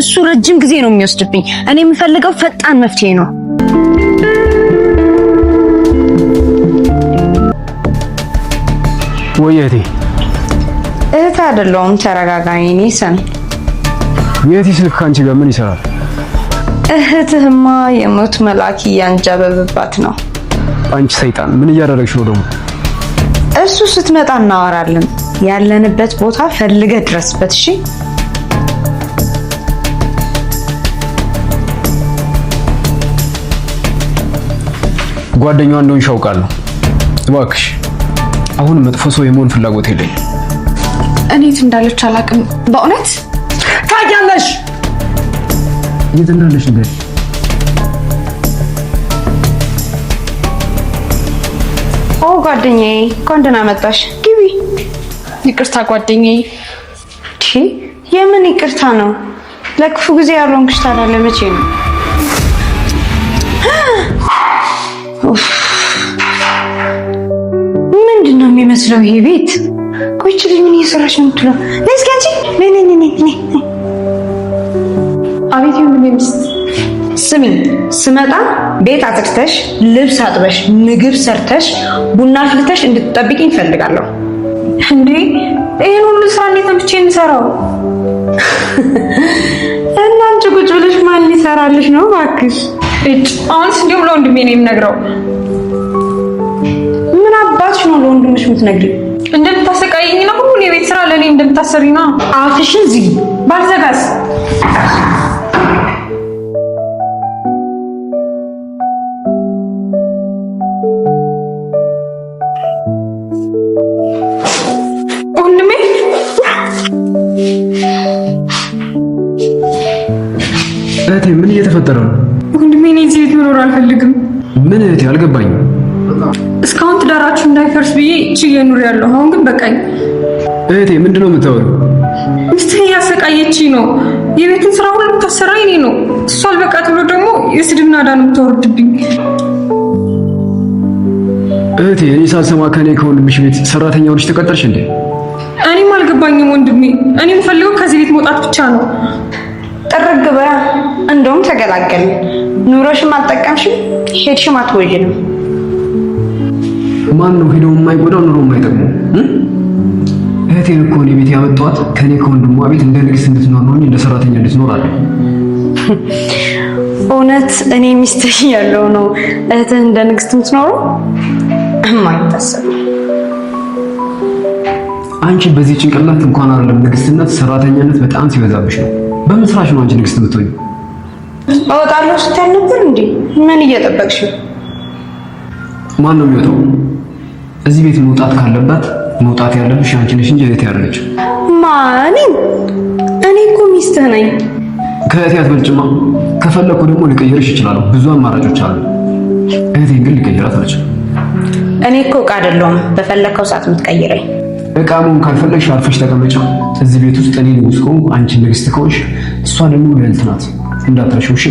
እሱ ረጅም ጊዜ ነው የሚወስድብኝ። እኔ የምፈልገው ፈጣን መፍትሄ ነው። ወይ እህቴ እህት አይደለሁም። ተረጋጋኝ። እኔ ሰን የእህቴ ስልክ ከአንቺ ጋር ምን ይሰራል? እህትህማ የሞት መልአክ እያንጃበበባት ነው። አንቺ ሰይጣን ምን እያደረግሽ ነው ደግሞ? እሱ ስትመጣ እናወራለን። ያለንበት ቦታ ፈልገ ድረስበት። እሺ ጓደኛዋ እንደሆንሽ አውቃለሁ። እባክሽ አሁን መጥፎ ሰው የመሆን ፍላጎት የለኝም። እኔት እንዳለች አላውቅም። በእውነት ታያለሽ። የት እንዳለች ንገሪኝ። ኦ ጓደኛዬ፣ እንኳን ደህና መጣሽ። ግቢ። ይቅርታ ጓደኛዬ። የምን ይቅርታ ነው? ለክፉ ጊዜ ያልሆንኩሽ ታዲያ ለመቼ ነው? ምንድን ነው የሚመስለው ይሄ ቤት? ቆይች ልጅ ምን እየሰራች ነው የምትለው? እስኪ አንቺ አቤት ምስት ስሚ፣ ስመጣ ቤት አጥርተሽ፣ ልብስ አጥበሽ፣ ምግብ ሰርተሽ፣ ቡና አፍልተሽ እንድትጠብቂኝ እፈልጋለሁ። እንዴ ይህን ሁሉ ስራ እንዴት ብቻ የምሰራው? እና አንቺ ቁጭ ብለሽ ማን ሊሰራልሽ ነው እባክሽ? እጭ አሁንስ እንዲሁም ለወንድሜ ነው የምነግረው። ምን አባትሽ ነው ለወንድምሽ የምትነግሪው? እንደምታሰቃየኝ ነው ሁሉ የቤት ስራ ለእኔ እንደምታሰሪ ነው። አፍሽን ዝጊ ባልዘጋስ አልገባኝም። እስካሁን ትዳራችሁ እንዳይፈርስ ብዬ ችዬ ኑር ያለሁ፣ አሁን ግን በቃኝ። እህቴ ምንድን ነው የምታወሪው? ሚስትህ እያሰቃየችኝ ነው። የቤትን ስራ ሁሉ የምታሰራ እኔ ነው። እሷ አልበቃ ብሎ ደግሞ የስድብ ናዳ ነው የምታወርድብኝ። እህቴ እኔ ሳልሰማ ከእኔ ከወንድምሽ ቤት ሰራተኛ ሆነሽ ተቀጠርሽ እንዴ? እኔም አልገባኝም ወንድሜ። እኔ የምፈልገው ከዚህ ቤት መውጣት ብቻ ነው። ጥርግ በያ። እንደውም ተገላገልን። ኑሮሽም አልጠቀምሽም ሄድሽም አትጎጂንም። ማን ነው ሄደው የማይጎዳው ኑሮ የማይጠቅመው? እህቴን እኮ እኔ ቤት ያመጣኋት ከኔ ከወንድሟ ቤት እንደ ንግስት እንድትኖር ነው፣ እንደ ሰራተኛ እንድትኖር አለ። እውነት እኔ ሚስት ያለው ነው እህትህ እንደ ንግስት የምትኖረው? ማይታሰብ አንቺ በዚህ ጭንቅላት እንኳን አይደለም ንግስትነት፣ ሰራተኛነት በጣም ሲበዛብሽ ነው። በምን ስራሽ ነው አንቺ ንግስት የምትሆኚው? እወጣለሁ ነበር እንዴ? ምን እየጠበቅሽ? ማን ነው የሚወጣው? እዚህ ቤት መውጣት ካለባት መውጣት ያለብሽ አንቺ ነሽ እንጂ እህቴ አይደለችም። ማን? እኔ እኮ ሚስትህ ነኝ። ከእህቴ አትበልጭማ። ከፈለኩ ደግሞ ሊቀይርሽ ይችላል። ብዙ አማራጮች አሉ። እህቴን ግን ሊቀይራት አልችልም። እኔ እኮ እቃ አይደለሁም በፈለከው ሰዓት የምትቀይረኝ። እቃ መሆን ካልፈለግሽ አርፈሽ ተቀመጫ። እዚህ ቤት ውስጥ እኔ ንጉስ ከሆንኩ አንቺ ንግስት ከሆንሽ፣ እሷ ደግሞ ልዕልት ናት። እንዳትረሺው። እሺ፣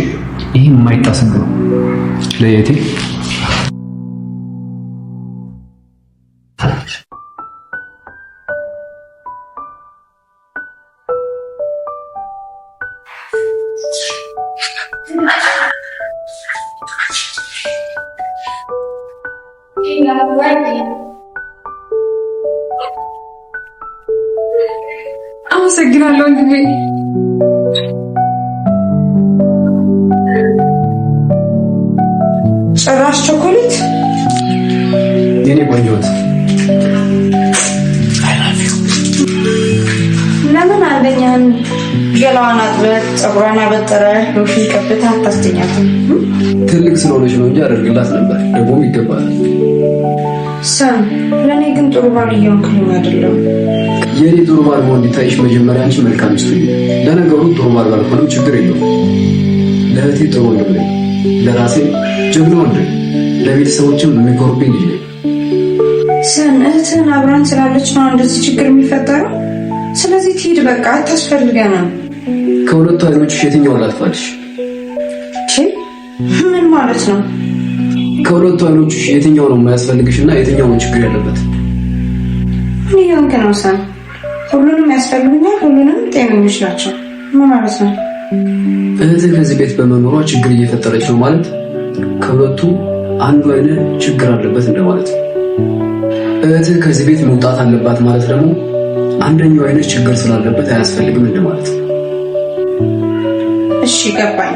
ይህ የማይጣስ ህግ ነው ለየቴ ጭራሽ ቸኮሌት የኔ ቆንጆት ለምን አንደኛን ገላዋን አጥበት ፀጉሯን አበጠረ ሎሽን ቀብታ አታስተኛትም? ትልቅ ስለሆነች ነው እንጂ አደርግላት ነበር። ደግሞም ይገባል። ሰም ለእኔ ግን ጥሩ ባል እየሆንክልኝ አይደለም። የእኔ ጥሩ ባል ሆን እንዲታይሽ መጀመሪያ አንቺ መልካም ስቱ። ለነገሩ ጥሩ ባል ባልሆንም ችግር የለውም። ለእህቴ ጥሩ ወንድም ነኝ። ለራሴ ጀግና ወንድ፣ ለቤተሰቦችም የሚኮርብኝ ልጅ ነኝ። ሰን እህትህን አብራን ስላለች ነው እንደዚህ ችግር የሚፈጠረው። ስለዚህ ትሄድ በቃ አታስፈልገንም። ከሁለቱ አይኖችሽ የትኛውን ላጥፋልሽ? ምን ማለት ነው? ከሁለቱ አይኖች የትኛው ነው የማያስፈልግሽ እና የትኛው ነው ችግር ያለበት? ምን ይሆንክ ነው ሰን? ሁሉንም ያስፈልጉኛል፣ ሁሉንም ጤነኞች ናቸው። ምን ማለት ነው? እህትህ ከዚህ ቤት በመኖሯ ችግር እየፈጠረች ነው ማለት ከሁለቱ አንዱ አይነት ችግር አለበት እንደማለት ነው። እህትህ ከዚህ ቤት መውጣት አለባት ማለት ደግሞ አንደኛው አይነት ችግር ስላለበት አያስፈልግም እንደማለት ነው። እሺ ገባኝ።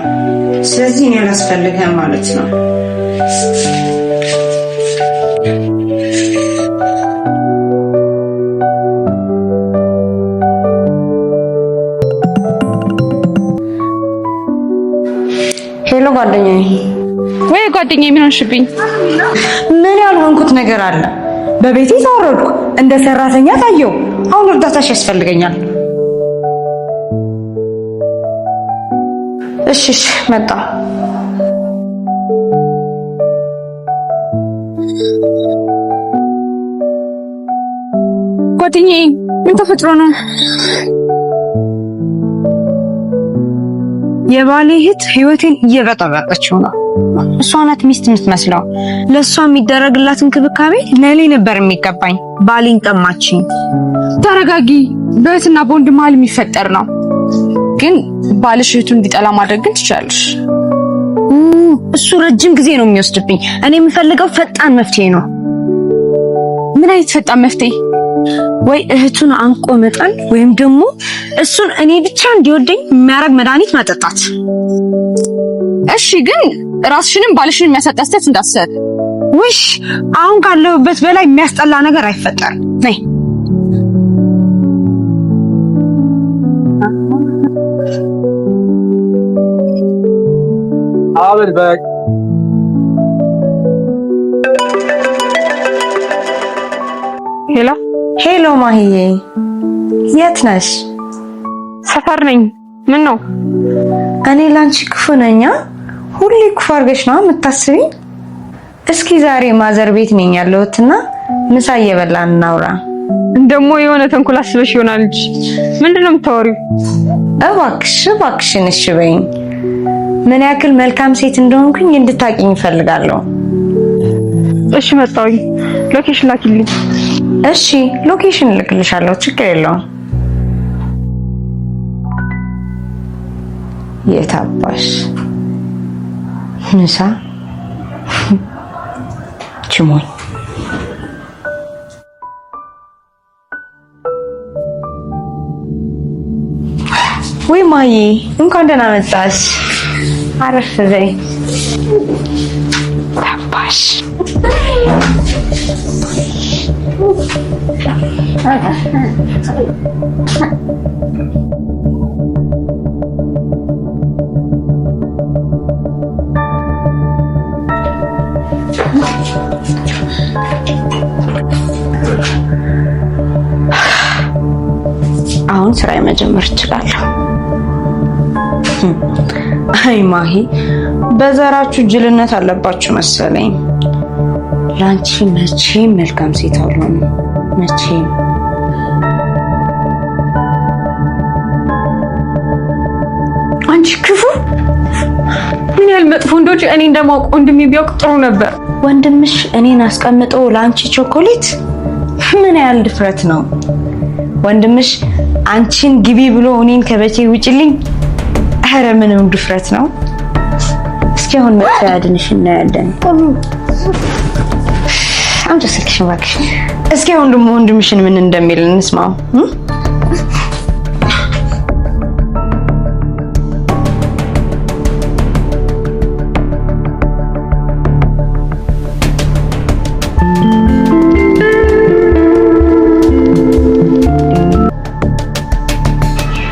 ስለዚህ እኔ አላስፈልግህም ማለት ነው። ነው ጓደኛዬ። ወይ ጓደኛዬ ምን ሆንሽብኝ? ምን ያልሆንኩት ነገር አለ? በቤቴ ታወረድኩ፣ እንደ ሰራተኛ ታየው። አሁን እርዳታሽ ያስፈልገኛል። እሺ እሺ፣ መጣ ጓደኛዬ። ምን ተፈጥሮ ነው? የባሌ እህት ህይወቴን እየበጠበጠችው ነው። እሷ ናት ሚስት የምትመስለው። ለእሷ የሚደረግላት እንክብካቤ ለእኔ ነበር የሚገባኝ። ባሌን ቀማችኝ። ተረጋጊ። በእህትና በወንድ መሀል የሚፈጠር ነው። ግን ባልሽ እህቱን እንዲጠላ ማድረግ ግን ትችላለሽ። እሱ ረጅም ጊዜ ነው የሚወስድብኝ። እኔ የምፈልገው ፈጣን መፍትሄ ነው። ምን አይነት ፈጣን መፍትሄ? ወይ እህቱን አንቆ መጣል ወይም ደግሞ እሱን እኔ ብቻ እንዲወደኝ የሚያደርግ መድኃኒት መጠጣት። እሺ፣ ግን ራስሽንም ባልሽንም የሚያሳጣ ስህተት እንዳትሰሪ። ውሽ አሁን ካለሁበት በላይ የሚያስጠላ ነገር አይፈጠርም። ነይ አብን በቃ ሄሎ ማህዬ፣ የት ነሽ? ሰፈር ነኝ። ምን ነው? እኔ ላንቺ ክፉ ነኛ? ሁሌ ክፉ አድርገሽ ነው የምታስቢኝ። እስኪ ዛሬ ማዘር ቤት ነኝ ያለሁትና ምሳ እየበላን እናውራ። ደግሞ የሆነ ተንኮል አስበሽ ይሆናል እንጂ ምንድን ነው የምታወሪው? እባክሽ እባክሽን፣ እሺ በይኝ። ምን ያክል መልካም ሴት እንደሆንኩኝ እንድታቂኝ እፈልጋለሁ። እሺ መጣሁኝ። ሎኬሽን ላኪልኝ። እሺ፣ ሎኬሽን እልክልሻለሁ፣ ችግር የለውም። የታባሽ ምሳ ችሞኝ ወይ ማዬ፣ እንኳን ደህና መጣሽ። አረፍ በይ። ታባሽ አሁን ስራ መጀመር እችላለሁ። አይ ማሂ፣ በዘራችሁ ጅልነት አለባችሁ መሰለኝ። ለአንቺ መቼም መልካም ሴት አልሆንም መቼም አንቺ ክፉ ምን ያህል መጥፎ እንደሆንሽ እኔ እንደማውቅ ወንድሜ ቢያውቅ ጥሩ ነበር። ወንድምሽ እኔን አስቀምጦ ለአንቺ ቾኮሌት ምን ያህል ድፍረት ነው! ወንድምሽ አንቺን ግቢ ብሎ እኔን ከቤቴ ውጭልኝ፣ አረ ምንም ድፍረት ነው! እስኪ አሁን መጥቶ ያድንሽ እናያለን። አምጪው ስልክሽን እባክሽ። እስኪ አሁን ደሞ ወንድምሽን ምን እንደሚል እንስማው።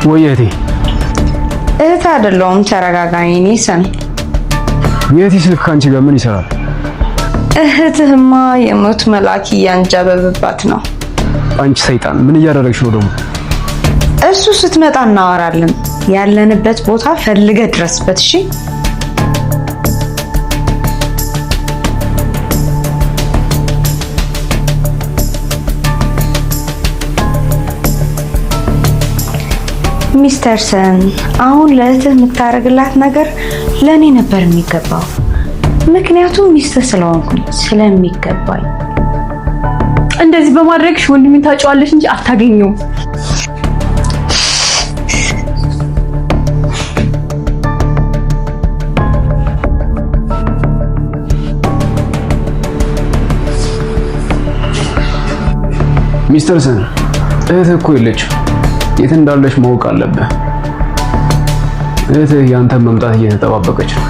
ወይ እህቴ እህት አይደለሁም። ተረጋጋኝ። እኔ ሰን የእህቴ ስልክ ከአንቺ ጋር ምን ይሰራል? እህትህማ የሞት መልአክ በበባት ነው። አንቺ ሰይጣን ምን እያደረግሽ ነው ደግሞ? እሱ ስትመጣ እናወራለን። ያለንበት ቦታ ፈልገ ድረስበት። እሺ ሚስተርሰን አሁን ለእህትህ የምታደርግላት ነገር ለእኔ ነበር የሚገባው፣ ምክንያቱም ሚስትህ ስለሆንኩኝ ስለሚገባኝ። እንደዚህ በማድረግሽ ወንድሜን ታጫዋለሽ እንጂ አታገኘውም። ሚስተርሰን እህትህ እኮ የለችም። የት እንዳለች ማወቅ አለብህ። እህትህ ያንተን መምጣት እየተጠባበቀች ነው።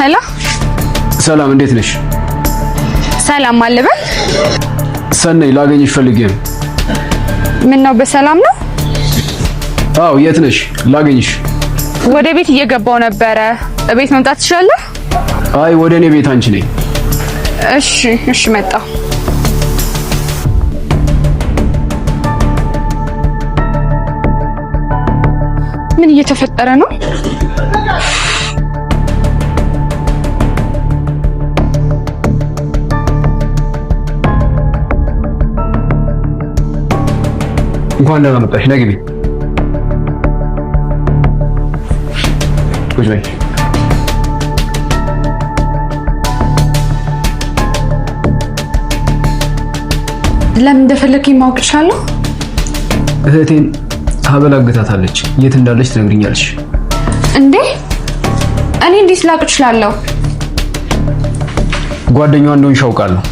ሄሎ፣ ሰላም፣ እንዴት ነሽ? ሰላም አለበት። ሰነይ ላገኝሽ ፈልጌ ነው። ምን ነው፣ በሰላም ነው? አዎ፣ የት ነሽ? ላገኝሽ። ወደ ቤት እየገባው ነበረ። እቤት መምጣት ትችላለህ? አይ፣ ወደ እኔ ቤት አንቺ ነኝ። እሺ፣ እሺ፣ መጣ ምን እየተፈጠረ ነው? እንኳን ደህና መጣሽ። ነይ ቁጭ በይ። ለምን እንደፈለግኝ ማወቅ እችላለሁ? እህቴን ሀበል አግታታለች። የት እንዳለች ትነግሪኛለች? እንዴ እኔ እንዴት ላቅ እችላለሁ? ጓደኛዋ እንደሆንሽ አውቃለሁ።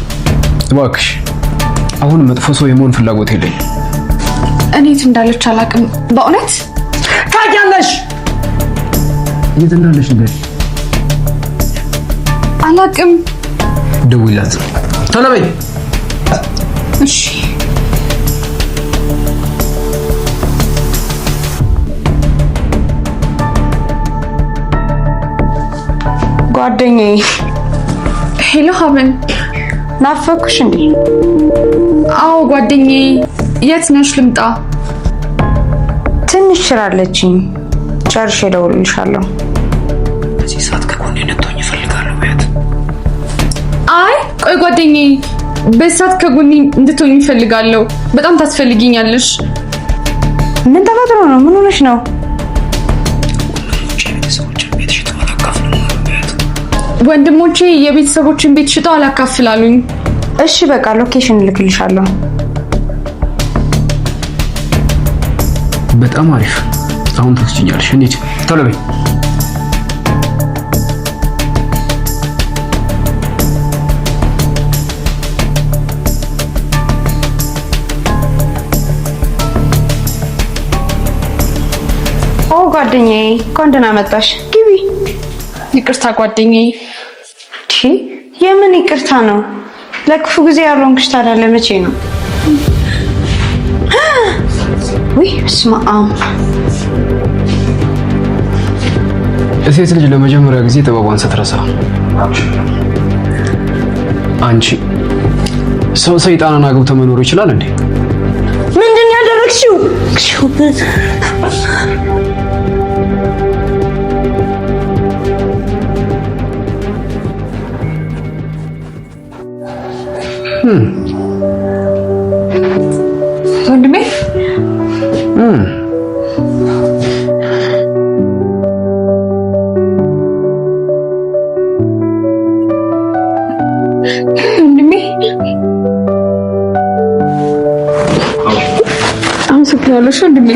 እባክሽ አሁን መጥፎ ሰው የመሆን ፍላጎት የለኝም። እኔ የት እንዳለች አላውቅም በእውነት ታውቂያለሽ። የት እንዳለሽ ንገሪኝ። አላቅም። ደውላት። ቶሎ በይ። እሺ ጓደኛዬ። ሄሎ ሀብን፣ ናፈኩሽ እንዴ? አዎ ጓደኛዬ፣ የት ነሽ? ልምጣ? ትንሽ ችላለችኝ፣ ጨርሼ እደውልልሻለሁ። ቆይ ጓደኛዬ በሳት ከጎኔ እንድትሆኝ እፈልጋለሁ። በጣም ታስፈልጊኛለሽ። ምን ተፈጥሮ ነው? ምን ሆነሽ ነው? ወንድሞቼ የቤተሰቦችን ቤት ሽጠው አላካፍላሉኝ። እሺ በቃ ሎኬሽን እልክልሻለሁ። በጣም አሪፍ። አሁን ተስችኛለሽ። እንዴት ቶሎ ጓደኛዬ እንኳን ደህና መጣሽ። ግቢ። ይቅርታ ጓደኛዬ። እሺ፣ የምን ይቅርታ ነው? ለክፉ ጊዜ ክሽታ ታዲያ ለመቼ ነው? ውይ ስማ፣ ሴት ልጅ ለመጀመሪያ ጊዜ ጥበቧን ስትረሳ አንቺ ሰው ሰይጣንን አግብቶ መኖር ይችላል እንዴ? সুখের হুম ትሆኛለሽ ወንድሜ